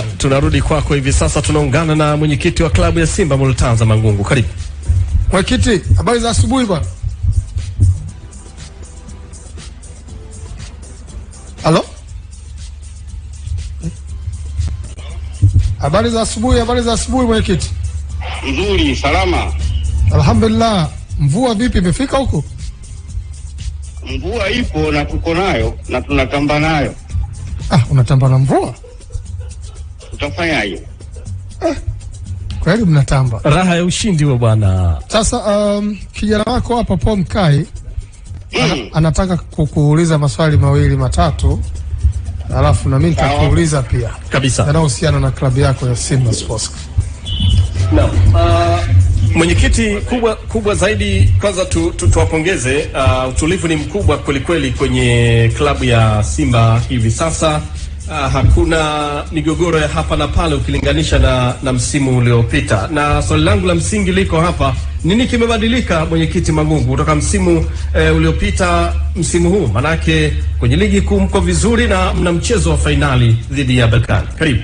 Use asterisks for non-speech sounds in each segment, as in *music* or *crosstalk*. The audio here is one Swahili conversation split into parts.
Tuna, tunarudi kwako hivi sasa, tunaungana na mwenyekiti wa klabu ya Simba Molotanza Mangungu, karibu mwenyekiti. Habari za asubuhi bwana. Halo, habari za asubuhi. Habari za asubuhi mwenyekiti. Nzuri, salama, alhamdulillah. Mvua vipi, imefika huko? Mvua ipo na tuko nayo na tunatamba nayo. Ah, unatamba na mvua utafanyaje? Eh, kweli mnatamba raha ya ushindi wa bwana. Sasa um, kijana wako hapa Paul Mkai mm. anataka kukuuliza maswali mawili matatu, alafu na mimi nitakuuliza pia kabisa yanayohusiana na klabu yako ya Simba Sports. Naam. Uh, Mwenyekiti, kubwa kubwa zaidi kwanza tu, tu, tuwapongeze. Uh, utulivu ni mkubwa kwelikweli kwenye klabu ya Simba hivi sasa. Ah, hakuna migogoro ya hapa na pale ukilinganisha na, na msimu uliopita. Na swali langu la msingi liko hapa, nini kimebadilika mwenyekiti magungu kutoka msimu eh, uliopita msimu huu? Manake kwenye ligi kuu mko vizuri na mna mchezo wa fainali dhidi ya Berkane. Karibu.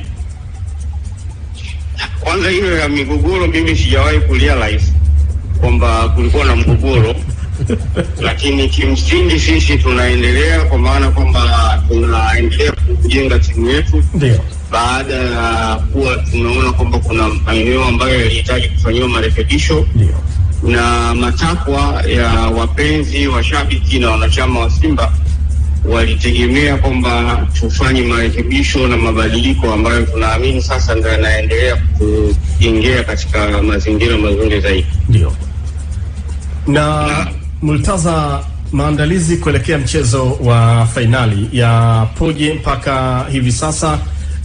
Kwanza hiyo ya migogoro, mimi sijawahi kulia live kwamba kulikuwa na mgogoro *laughs* lakini kimsingi sisi tunaendelea kwa maana kwamba tunaendelea kujenga timu yetu baada ya kuwa tumeona kwamba kuna maeneo ambayo yalihitaji kufanyiwa marekebisho na matakwa ya wapenzi washabiki na wanachama wa Simba walitegemea kwamba tufanye marekebisho na mabadiliko ambayo tunaamini sasa ndo yanaendelea kujengea katika mazingira mazuri zaidi. Ndio. Na, na Multaza, maandalizi kuelekea mchezo wa fainali ya poje mpaka hivi sasa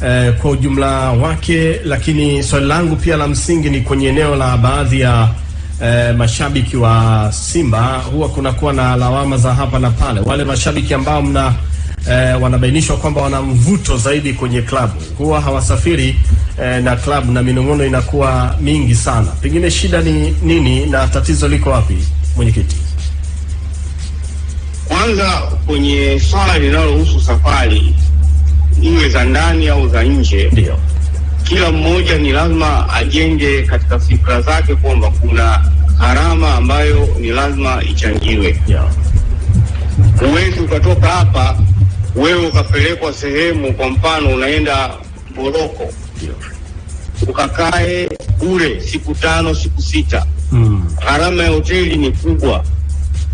eh, kwa ujumla wake, lakini swali langu pia la msingi ni kwenye eneo la baadhi ya eh, mashabiki wa Simba, huwa kunakuwa na lawama za hapa na pale, wale mashabiki ambao mna eh, wanabainishwa kwamba wana mvuto zaidi kwenye klabu huwa hawasafiri eh, na klabu na minong'ono inakuwa mingi sana. Pengine shida ni nini na tatizo liko wapi, mwenyekiti? Kwanza kwenye swala linalohusu safari iwe za ndani au za nje, ndio kila mmoja ni lazima ajenge katika fikra zake kwamba kuna gharama ambayo ni lazima ichangiwe. uwezi ukatoka hapa wewe ukapelekwa sehemu, kwa mfano unaenda Moroko ukakae kule siku tano siku sita, mm. gharama mm. ya hoteli ni kubwa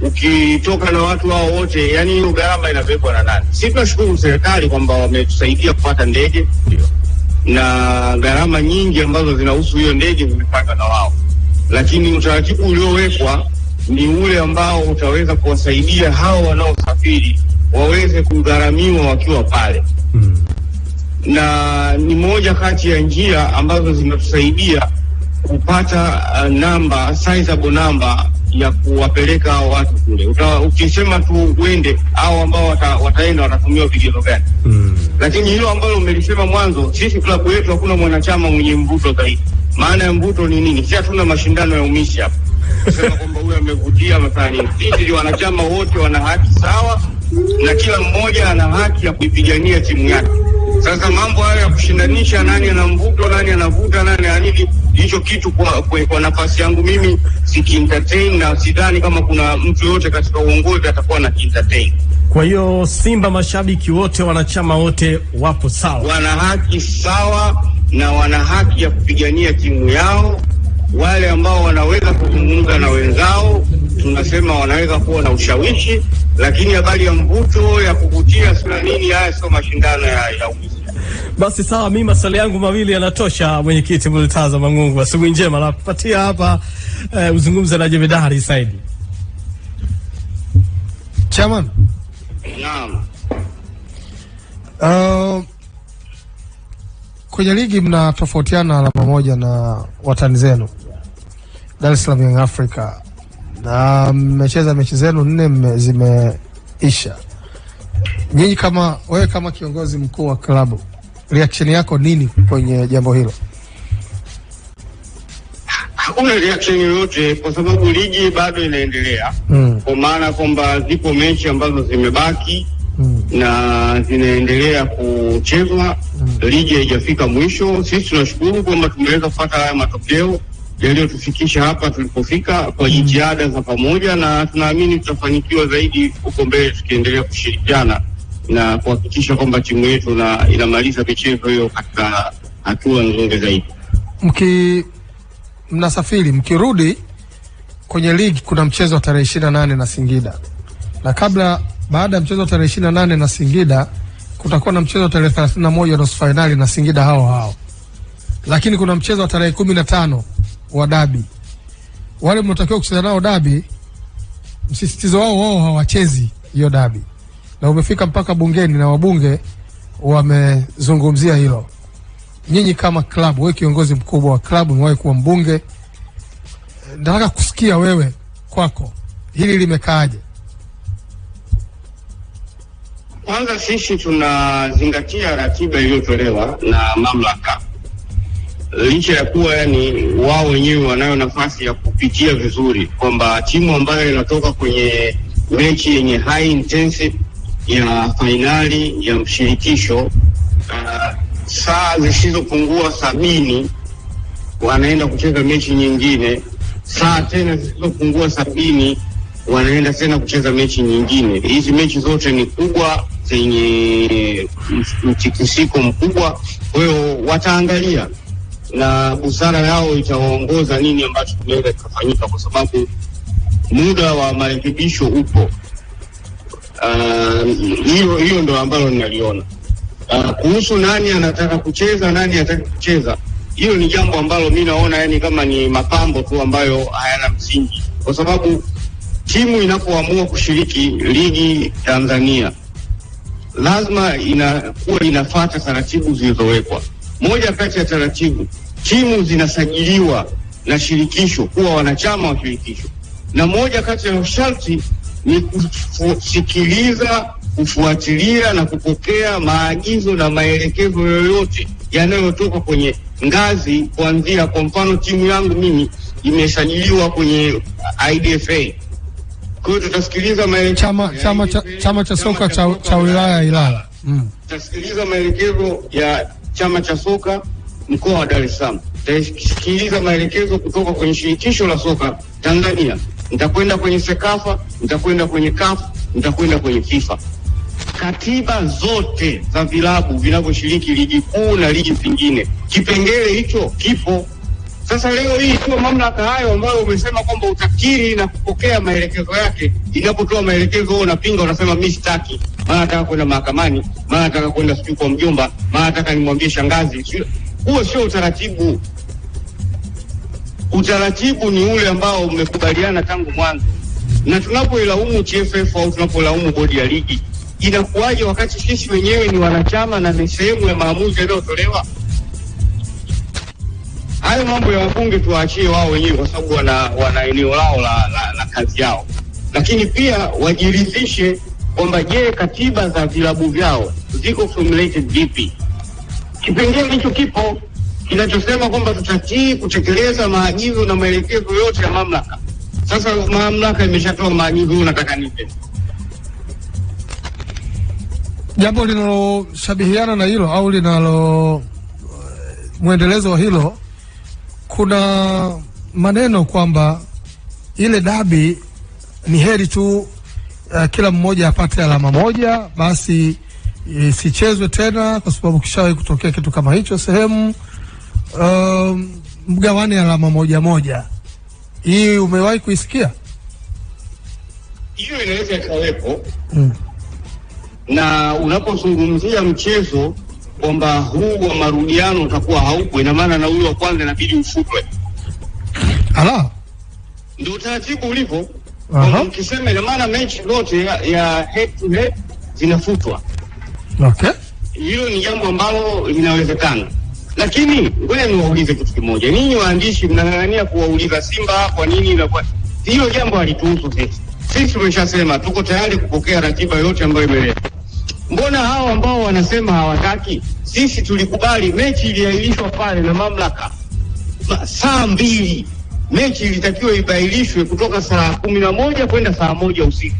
ukitoka na watu hao wote, yani hiyo gharama inabebwa na nani? Si tunashukuru serikali kwamba wametusaidia kupata ndege Ndiyo. na gharama nyingi ambazo zinahusu hiyo ndege zimepatwa na wao, lakini utaratibu uliowekwa ni ule ambao utaweza kuwasaidia hao wanaosafiri waweze kugharamiwa wakiwa pale hmm. na ni moja kati ya njia ambazo zimetusaidia kupata uh, namba sizable namba ya kuwapeleka hao watu kule. Ukisema tu uende, hao ambao wata, wataenda watatumia vigezo gani? Mm. Lakini hilo ambalo umelisema mwanzo, sisi klabu yetu hakuna mwanachama mwenye mvuto zaidi. Maana ya mvuto ni nini? Sisi hatuna mashindano ya umishi hapa kusema kwamba huyo amevutia mathani. Sisi wanachama wote wana haki sawa, na kila mmoja ana haki ya kuipigania timu yake. Sasa mambo hayo ya kushindanisha nani ana mvuto, nani anavuta, nani anini, hicho kitu kwa, kwa, kwa nafasi yangu mimi sikientertain, na sidhani kama kuna mtu yoyote katika uongozi atakuwa na kientertain. Kwa hiyo Simba mashabiki wote, wanachama wote wapo sawa, wana haki sawa na wana haki ya kupigania timu yao. Wale ambao wanaweza kuzungumza na wenzao tunasema wanaweza kuwa na ushawishi, lakini habari ya mvuto ya kuvutia sio nini, haya sio mashindano ya, ya basi sawa, mimi maswali yangu mawili yanatosha. Mwenyekiti Multaza Mangungu, asubuhi njema, la kupatia hapa eh, uzungumza na Jemedari Saidi. Chairman. Naam. Uh, kwenye ligi mnatofautiana alama moja na watani zenu Dar es Salaam Young Africa na mmecheza mechi zenu nne zimeisha. Nyinyi kama wewe kama kiongozi mkuu wa klabu reaction yako nini kwenye jambo hilo? Hakuna reaction yoyote kwa sababu ligi bado inaendelea mm. Kwa maana kwamba zipo mechi ambazo zimebaki mm. na zinaendelea kuchezwa mm. Ligi haijafika mwisho. Sisi tunashukuru kwamba tumeweza kupata haya matokeo yaliyotufikisha hapa tulipofika kwa hmm. jitihada mm. za pamoja, na tunaamini tutafanikiwa zaidi huko mbele tukiendelea kushirikiana na kuhakikisha kwamba timu yetu na inamaliza michezo hiyo katika hatua nzuri zaidi. Mki mnasafiri mkirudi kwenye ligi, kuna mchezo wa tarehe ishirini na nane na Singida, na kabla baada ya mchezo wa tarehe ishirini na nane na Singida kutakuwa na mchezo wa tarehe thelathini na moja nusu fainali na Singida hao hao, lakini kuna mchezo wa tarehe kumi na tano wa dabi. Wale mnaotakiwa kucheza nao dabi, msisitizo wao wao hawachezi hiyo dabi na umefika mpaka bungeni na wabunge wamezungumzia hilo. Nyinyi kama klabu, wewe kiongozi mkubwa wa klabu, umewahi kuwa mbunge, nataka kusikia wewe kwako hili limekaaje? Kwanza sisi tunazingatia ratiba iliyotolewa na mamlaka, licha ya kuwa yani wao wenyewe wanayo nafasi ya kupitia vizuri kwamba timu ambayo inatoka kwenye mechi yenye high intensity ya fainali ya mshirikisho uh, saa zisizopungua sabini wanaenda kucheza mechi nyingine, saa tena zisizopungua sabini wanaenda tena kucheza mechi nyingine. Hizi mechi zote ni kubwa zenye mtikisiko mkubwa, kwa hiyo wataangalia na busara yao itawaongoza nini ambacho kinaweza kikafanyika, kwa sababu muda wa marekebisho upo. Uh, hiyo uh, hiyo ndo ambalo ninaliona. Uh, kuhusu nani anataka kucheza nani anataka kucheza, hiyo ni jambo ambalo mi naona yani kama ni mapambo tu ambayo hayana msingi, kwa sababu timu inapoamua kushiriki ligi Tanzania lazima inakuwa inafata taratibu zilizowekwa. Moja kati ya taratibu, timu zinasajiliwa na shirikisho kuwa wanachama wa shirikisho, na moja kati ya sharti ni kusikiliza, kufuatilia na kupokea maagizo na maelekezo yoyote yanayotoka kwenye ngazi, kuanzia kwa mfano, timu yangu mimi imesajiliwa kwenye IDFA. Kwa hiyo tutasikiliza maelekezo chama, chama, cha, chama cha soka chama cha wilaya ya Ilala mm. Tutasikiliza maelekezo ya chama cha soka mkoa wa Dar es Salaam, tutasikiliza maelekezo kutoka kwenye shirikisho la soka Tanzania nitakwenda kwenye Sekafa, nitakwenda kwenye Kafu, nitakwenda kwenye FIFA. Katiba zote za vilabu vinavyoshiriki ligi kuu na ligi zingine kipengele hicho kipo. Sasa leo hii hiyo mamlaka hayo ambayo umesema kwamba utakiri na kupokea maelekezo yake, inapotoa maelekezo huo unapinga, unasema mi sitaki, maana nataka kwenda mahakamani, maana nataka kwenda sijui kwa mjomba, maana nataka nimwambie shangazi. Huo sio utaratibu. Utaratibu ni ule ambao umekubaliana tangu mwanzo, na tunapoilaumu TFF au tunapolaumu bodi ya ligi inakuwaje wakati sisi wenyewe ni wanachama na ni sehemu ya maamuzi yanayotolewa? Hayo mambo ya wabunge tuwaachie wao wenyewe, kwa sababu wana, wana eneo lao la, la, la kazi yao, lakini pia wajiridhishe kwamba je, katiba za vilabu vyao ziko formulated vipi? Kipengele hicho kipo kinachosema kwamba tutatii kutekeleza maagizo na maelekezo yote ya mamlaka. Sasa mamlaka imeshatoa maagizo, unataka nipe jambo linaloshabihiana na hilo au linalo eh, mwendelezo wa hilo. Kuna maneno kwamba ile dabi ni heri tu uh, kila mmoja apate alama moja basi isichezwe tena, kwa sababu kishawahi kutokea kitu kama hicho sehemu um, mgawane alama moja moja, hii umewahi kuisikia? Hiyo inaweza ikawepo mm. Na unapozungumzia mchezo kwamba huu wa marudiano utakuwa haupo, ina maana na huyu wa kwanza inabidi ufutwe, ala, ndio utaratibu ulivyo. Ukisema ina maana mechi zote ya, ya head to head zinafutwa. Okay, hiyo ni jambo ambalo linawezekana. Lakini ngoja niwaulize kitu kimoja, ninyi waandishi mnang'ang'ania kuwauliza Simba kwa nini kwa hiyo jambo, halituhusu sisi. Sisi tumeshasema tuko tayari kupokea ratiba yote ambayo imeletwa. Mbona hao ambao wanasema hawataki? Sisi tulikubali mechi iliahirishwa pale na mamlaka saa mbili. Mechi ilitakiwa ibailishwe kutoka saa kumi na moja kwenda saa moja usiku.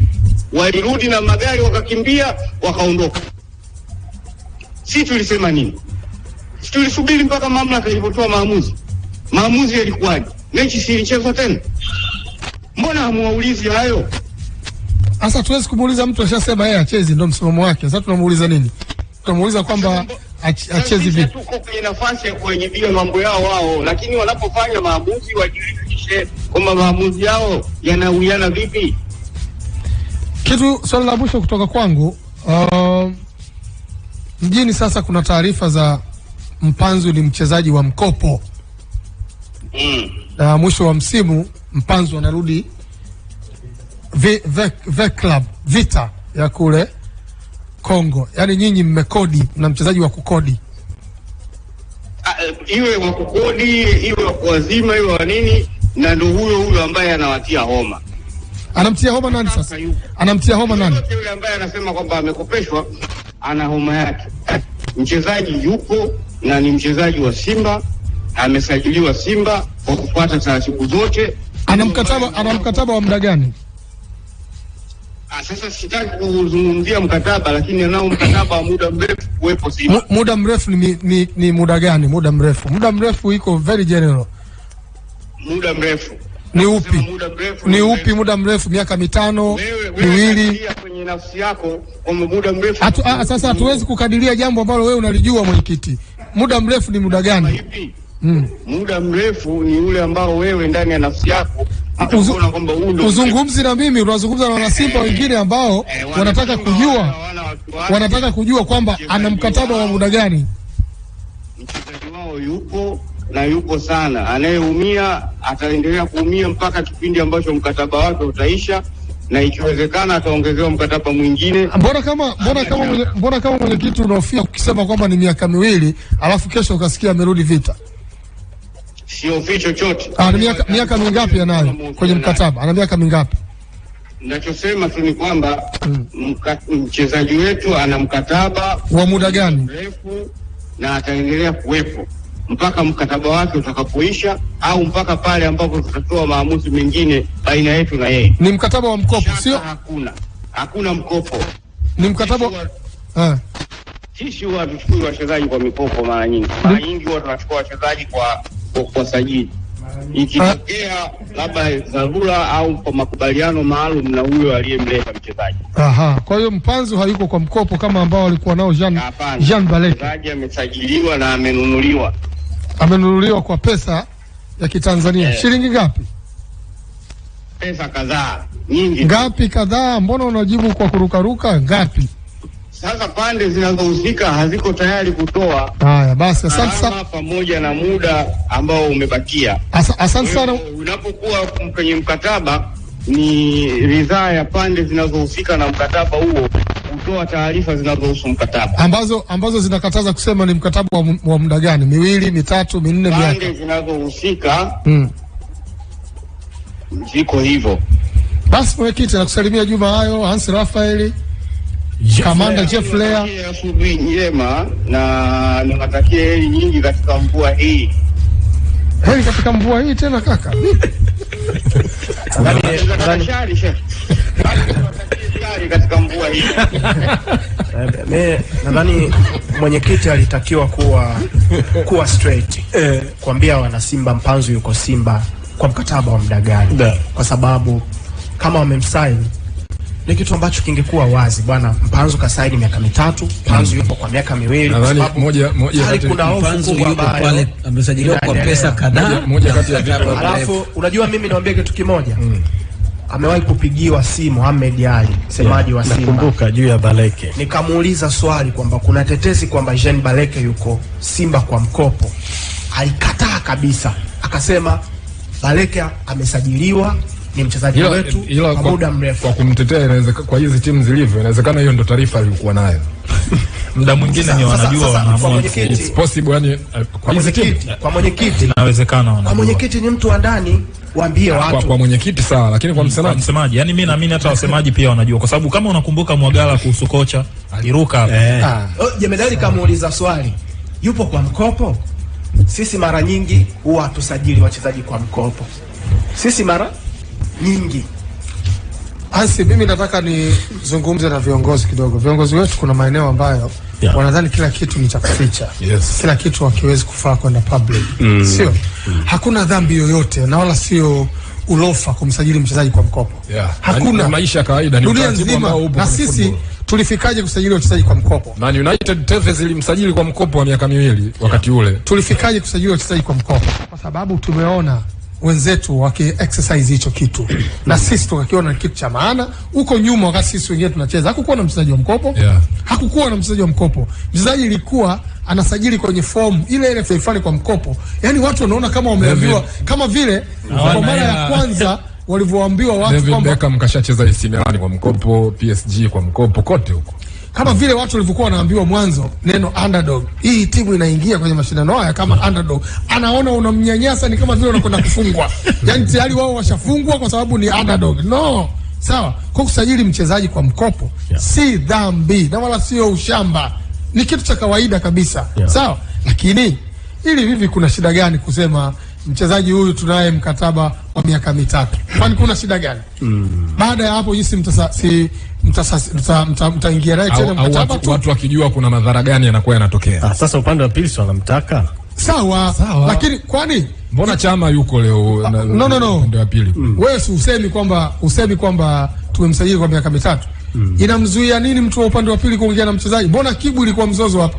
Walirudi na magari wakakimbia, wakaondoka. Sisi tulisema nini? tulisubiri mpaka mamlaka ilipotoa maamuzi. Maamuzi yalikuwaje? Mechi si ilichezwa tena, mbona hamuwaulizi hayo? Sasa tuwezi kumuuliza mtu ashasema yeye achezi, ndo msimamo wake. Sasa tunamuuliza nini? Tunamuuliza kwamba achezi vipi? Tuko kwenye nafasi ya kuwajibia mambo yao wao, lakini wanapofanya maamuzi wajiridhishe kwamba maamuzi yao yanawiana vipi. Kitu swali la mwisho kutoka kwangu, uh, mjini sasa kuna taarifa za Mpanzu ni mchezaji wa mkopo mm. na mwisho wa msimu Mpanzu anarudi v, club Vita ya kule Kongo. Yaani nyinyi mmekodi, na mchezaji wa kukodi A, ah, iwe wa kukodi iwe wa kuwazima iwe wa nini, na ndo huyo huyo ambaye anawatia homa anamtia homa nani sasa? Anamtia homa nani? Yule ambaye anasema kwamba amekopeshwa ana homa yake. Mchezaji yupo na ni mchezaji wa Simba, amesajiliwa Simba kwa kufuata taratibu zote. Ana mkataba ana mkataba wa muda gani? Ah, sasa sitaki kuzungumzia mkataba, lakini anao mkataba wa muda mrefu kuwepo Simba. Muda mrefu ni, ni, ni muda gani? Muda mrefu, muda mrefu iko very general. Muda mrefu ni upi? Muda mrefu, ni upi muda mrefu? Miaka mitano miwili? Kwenye nafsi yako kwa muda mrefu. Ah, sasa hatuwezi kukadiria jambo ambalo wewe unalijua mwenyekiti muda mrefu ni muda gani? Mm. Muda mrefu ni ule ambao wewe ndani ya nafsi yako kwamba huu uzungumzi na mimi, unazungumza na wanasimba wengine ambao e, wanataka kujua wanataka kujua kwamba ana mkataba wa muda gani. Mchezaji wao yupo na yupo sana, anayeumia ataendelea kuumia mpaka kipindi ambacho mkataba wake utaisha na ikiwezekana ataongezewa mkataba mwingine. Mbona kama mbona kama mbona kama mwenyekiti unahofia ukisema kwamba ni miaka miwili, alafu kesho ukasikia amerudi vita? Sihofii chochote. Ah, ni miaka miaka mingapi anayo kwenye mkataba? Ana miaka mingapi? Nachosema tu ni kwamba hmm. mchezaji wetu ana mkataba wa muda gani mrefu na ataendelea kuwepo mpaka mkataba wake utakapoisha au mpaka pale ambapo tutatoa maamuzi mengine baina yetu na yeye. Ni mkataba wa mkopo, sio? Hakuna, hakuna mkopo. Ni mkataba eh sisi huwa hatuchukui ah. wachezaji kwa mikopo mara nyingi. Mara nyingi huwa tunachukua wachezaji kwa kwa, kwa sajili. Ikitokea labda dharura au kwa makubaliano maalum na huyo aliyemleta mchezaji. Aha, kwa hiyo mpanzo hayuko kwa mkopo kama ambao walikuwa nao Jean Jean Balek. Mchezaji amesajiliwa na amenunuliwa amenunuliwa kwa pesa ya Kitanzania eh, shilingi ngapi? Pesa kadhaa nyingi. Ngapi kadhaa? Mbona unajibu kwa kurukaruka? Ngapi? Sasa pande zinazohusika haziko tayari kutoa. Haya basi, asante sana, pamoja na muda ambao umebakia. Asante sana. Unapokuwa kwenye mkataba, ni ridhaa ya pande zinazohusika na mkataba huo kutoa taarifa zinazohusu mkataba ambazo ambazo zinakataza kusema ni mkataba wa, wa muda gani, miwili mitatu minne, pande zinazohusika mm. ziko hivyo. Basi mwenyekiti, nakusalimia Juma hayo Hans Rafaeli Kamanda Jeff Lea, asubuhi njema na niwatakie heri nyingi katika mvua hii. Heri katika mvua hii tena kaka *laughs* *laughs* maji katika mvua hii. *laughs* Eh, mimi nadhani mwenyekiti alitakiwa kuwa kuwa straight eh, kuambia wana Simba Mpanzu yuko Simba kwa mkataba wa muda gani, kwa sababu kama wamemsaini ni kitu ambacho kingekuwa wazi bwana. Mpanzu kasaini miaka mitatu, Mpanzu mm. yupo kwa miaka miwili. Moja moja kati kuna Mpanzu yupo pale, amesajiliwa kwa pesa kadhaa. Alafu unajua, mimi niwaambie kitu kimoja mm amewahi kupigiwa simu Ahmed Ali, msemaji wa Simba. Nakumbuka juu ya Baleke. Nikamuuliza swali kwamba kuna tetesi kwamba Jean Baleke yuko Simba kwa mkopo. Alikataa kabisa. Akasema Baleke amesajiliwa ni mchezaji wetu kwa muda mrefu. Kwa kumtetea kwa hizi timu zilivyo, inawezekana hiyo ndo taarifa aliyokuwa nayo. *laughs* muda mwingine ni wanajua wanaamua, it's possible. Yani uh, kwa mwenyekiti, kwa mwenyekiti inawezekana, kwa mwenyekiti ni mtu wa ndani, waambie watu kwa, kwa mwenyekiti sawa, lakini kwa mm, msemaji, msemaji, yani mimi naamini hata *laughs* wasemaji pia wanajua, kwa sababu kama unakumbuka Mwagala kuhusu kocha aliruka hapo eh, ah. ah. oh, jemedali kamuuliza swali, yupo kwa mkopo. Sisi mara nyingi huwa tusajili wachezaji kwa mkopo, sisi mara nyingi Asi, mimi nataka nizungumze na viongozi kidogo. Viongozi wetu kuna maeneo ambayo yeah, wanadhani kila kitu ni cha kuficha. Yes. Kila kitu hakiwezi kufaa kwenda public. Mm. Sio. Mm. Hakuna dhambi yoyote na wala sio ulofa kumsajili mchezaji kwa mkopo. Yeah. Hakuna maisha kawaida ni dunia nzima. Na sisi tulifikaje kusajili wachezaji kwa mkopo? Man United Tevez ilimsajili kwa mkopo wa miaka miwili wakati ule. Tulifikaje kusajili wachezaji kwa mkopo? Kwa sababu tumeona wenzetu waki exercise hicho kitu *clears throat* na sisi tukakiona kitu cha maana. Huko nyuma, wakati sisi wengine tunacheza, hakukuwa na mchezaji wa mkopo yeah. hakukuwa na mchezaji wa mkopo. Mchezaji ilikuwa anasajili kwenye fomu ile ile fulani kwa mkopo, yani watu wanaona kama wameambiwa, kama vile kwa mara ya kwanza walivyoambiwa watu kwamba Beckham kashacheza AC Milan kwa mkopo, PSG kwa mkopo, kote huko kama vile watu walivyokuwa wanaambiwa mwanzo neno underdog. Hii timu inaingia kwenye mashindano haya kama underdog, anaona unamnyanyasa, ni kama vile unakwenda kufungwa, *laughs* yani tayari wao washafungwa kwa sababu ni underdog. No, sawa. Kwa kusajili mchezaji kwa mkopo yeah, si dhambi na wala sio ushamba, ni kitu cha kawaida kabisa yeah. Sawa, lakini ili hivi kuna shida gani kusema mchezaji huyu tunaye mkataba kwa miaka mitatu, kwani kuna shida gani? mm. baada ya hapo mtasa jinsi mtaingia mta, mta mta ingia right au, au watu, watu wakijua kuna madhara gani yanakuwa yanatokea. Ah, sasa upande wa pili wanamtaka sawa, sawa, lakini kwani mbona chama yuko leo? Ah, no, no, no. Upande wa pili mm. wewe si usemi kwamba usemi kwamba tumemsajili kwa miaka mitatu mm. inamzuia nini mtu wa upande wa pili kuongea na mchezaji? Mbona Kibu ilikuwa mzozo hapa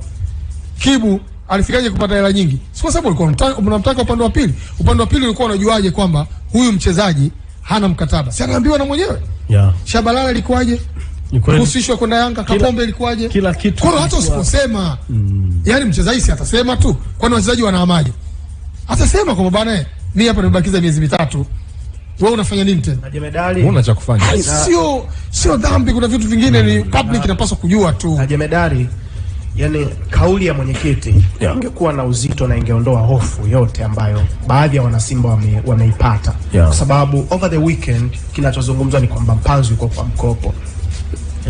Kibu alifikaje kupata hela nyingi? Si kwa sababu alikuwa mnamtaka upande wa pili. Upande wa pili ulikuwa unajuaje kwamba huyu mchezaji hana mkataba? Si anaambiwa na mwenyewe. Yeah. Shabalala ilikuwaje? Kuhusishwa kwenda Yanga, Kapombe ilikuwaje? Kila kitu. Kwa hata usiposema. Mm. Yani mchezaji si atasema tu. Kwani wachezaji wanahamaje? Atasema kwamba bwana, mimi hapa nimebakiza miezi mitatu. Wewe unafanya nini tena? Na Jemedali. Una cha kufanya. Sio sio dhambi, kuna vitu vingine ni public inapaswa kujua tu. Na Jemedali Yani, kauli ya mwenyekiti yeah, ingekuwa na uzito na ingeondoa hofu yote ambayo baadhi ya wanasimba wame, wameipata yeah, kwa sababu over the weekend kinachozungumzwa ni kwamba mpanzo yuko kwa mkopo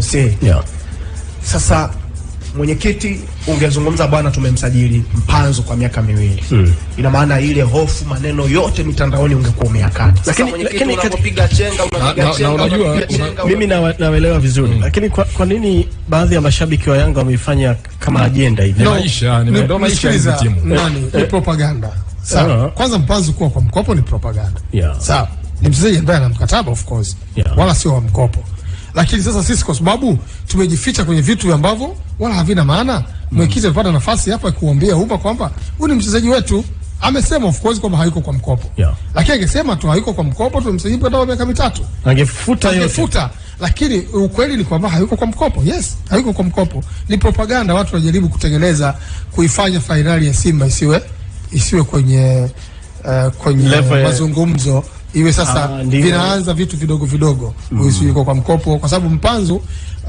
see yeah. Sasa Mwenyekiti, ungezungumza bwana, tumemsajili mpanzo kwa miaka miwili mm. Ina maana ile hofu, maneno yote mitandaoni ungekuwa umeyakata. Lakini lakini unapiga chenga, unapiga chenga, unajua mimi naelewa vizuri, hmm. lakini kwa, kwa nini baadhi ya mashabiki wa Yanga wameifanya kama hmm. ajenda hivi? No, yaani- Maisha ni ndo maisha ya timu nani, Eh. ni propaganda sawa. Uh ah. -huh. Kwanza mpanzo kuwa kwa mkopo ni propaganda yeah. sawa, ni mchezaji ambaye ana mkataba of course, yeah. wala sio wa mkopo lakini sasa sisi kwa sababu tumejificha kwenye vitu ambavyo wala havina maana, mwekizi amepata mm. nafasi hapa kuombea umma kwamba huyu ni mchezaji wetu. Amesema of course kwamba hayuko kwa mkopo yeah. Lakini angesema tu hayuko kwa mkopo, tumemsajili kwa dawa miaka mitatu, angefuta yote, angefuta lakini ukweli ni kwamba hayuko kwa mkopo. Yes, hayuko kwa mkopo, ni propaganda. Watu wanajaribu kutengeneza kuifanya fainali ya Simba isiwe isiwe kwenye uh, kwenye Lefe. mazungumzo iwe ah, sasa ah, vinaanza vitu vidogo vidogo mm. yuko kwa mkopo, kwa sababu Mpanzu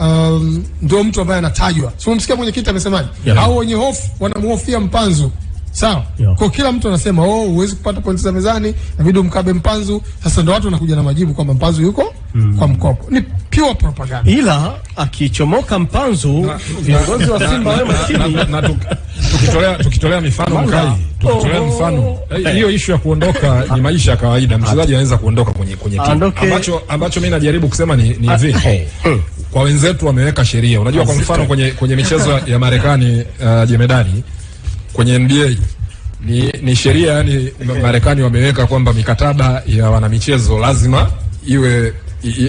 um, ndio mtu ambaye anatajwa. Si umemsikia mwenyekiti amesemaje? yeah. au wenye hofu wanamhofia Mpanzu sawa yeah. Kwa kila mtu anasema oh, huwezi kupata pointi za mezani, inabidi umkabe Mpanzu. Sasa ndo watu wanakuja na majibu kwamba Mpanzu yuko mm. kwa mkopo. Ni pure propaganda, ila akichomoka Mpanzu viongozi wa Simba wao maskini tukitolea tukitolea mifano mkali, tukitolea mifano eh, eh. hiyo issue ya kuondoka ni maisha ya kawaida. Mchezaji anaweza kuondoka kwenye kwenye timu. Ambacho ambacho mimi najaribu kusema ni ni hivi, ah, eh. hmm. kwa wenzetu wameweka sheria. Unajua, kwa mfano kwenye kwenye michezo ya Marekani, uh, jemedani kwenye NBA ni, ni sheria yani Marekani wameweka kwamba mikataba ya wanamichezo lazima iwe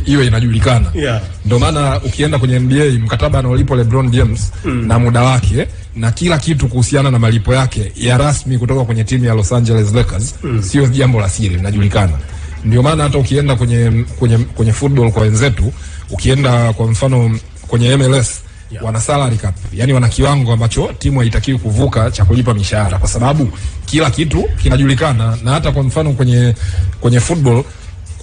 iwe inajulikana yeah. Ndio maana ukienda kwenye NBA mkataba anaolipwa LeBron James mm. na muda wake na kila kitu kuhusiana na malipo yake ya rasmi kutoka kwenye timu ya Los Angeles Lakers mm. sio jambo la siri, linajulikana. Ndio maana hata ukienda kwenye, kwenye, kwenye football kwa wenzetu, ukienda kwa mfano kwenye MLS yeah. wana salary cap, yani wana kiwango ambacho timu haitakiwi kuvuka cha kulipa mishahara, kwa sababu kila kitu kinajulikana. Na hata kwa mfano kwenye kwenye football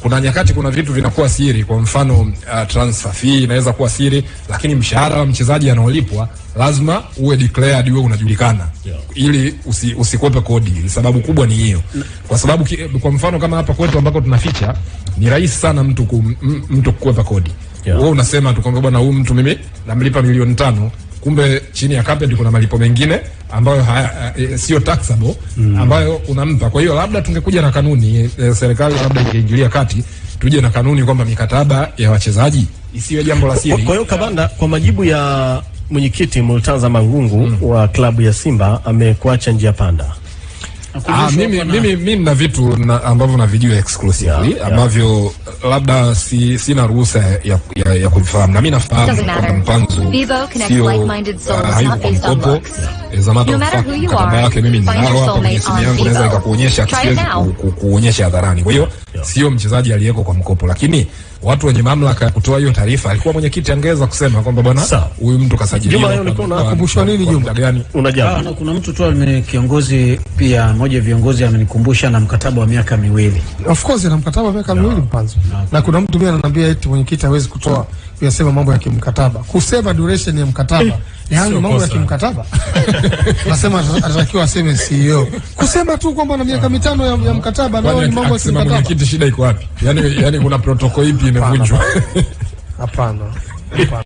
kuna nyakati kuna vitu vinakuwa siri. Kwa mfano uh, transfer fee inaweza kuwa siri, lakini mshahara wa mchezaji anaolipwa lazima uwe declared, uwe unajulikana yeah. ili usi, usikwepe kodi. Sababu kubwa ni hiyo, kwa sababu kwa mfano kama hapa kwetu ambako tunaficha ni rahisi sana mtu, kum, mtu kukwepa kodi yeah. Wewe unasema tu kwamba bwana, huyu mtu mimi namlipa milioni tano kumbe chini ya carpet kuna malipo mengine ambayo haya, e, sio taxable mm. ambayo unampa. Kwa hiyo labda tungekuja na kanuni e, serikali labda ingeingilia kati, tuje na kanuni kwamba mikataba ya wachezaji isiwe jambo la siri. Kwa hiyo Kabanda, kwa majibu ya mwenyekiti Multaza Mangungu mm. wa klabu ya Simba amekuacha njia panda. Ah, mimi, mimi, mimi na vitu na, ambavyo navijua exclusively yeah, ambavyo yeah, labda si, sina ruhusa ya, ya, ya kuvifahamu na mimi nafahamu kwamba mpango sio uh, hayuko kwa mkopo mkataba wake mimi ninalo hapa kwenye simu yangu naweza nikakuonyesha, kuonyesha hadharani, kwa hiyo sio mchezaji aliyeko kwa mkopo, lakini watu wenye mamlaka ya kutoa hiyo taarifa, alikuwa mwenyekiti angeweza kusema kwamba bwana, huyu mtu kasajiliwa. Juma, nini Juma? Gani unajua, ah, kuna mtu tu ni kiongozi pia, mmoja wa viongozi amenikumbusha na mkataba wa miaka miwili. Of course na mkataba wa miaka miwili mpanzo, na kuna mtu pia ananiambia eti mwenyekiti hawezi kutoa, yasema mambo ya kimkataba, kusema duration ya mkataba eh yangu mambo ya kimkataba *laughs* nasema atatakiwa aseme CEO. Kusema tu kwamba na miaka mitano ya, ya mkataba nao ni mambo ya kimkataba. Kitu shida iko wapi? Yani, yani kuna protokoli ipi imevunjwa? Hapana. *laughs*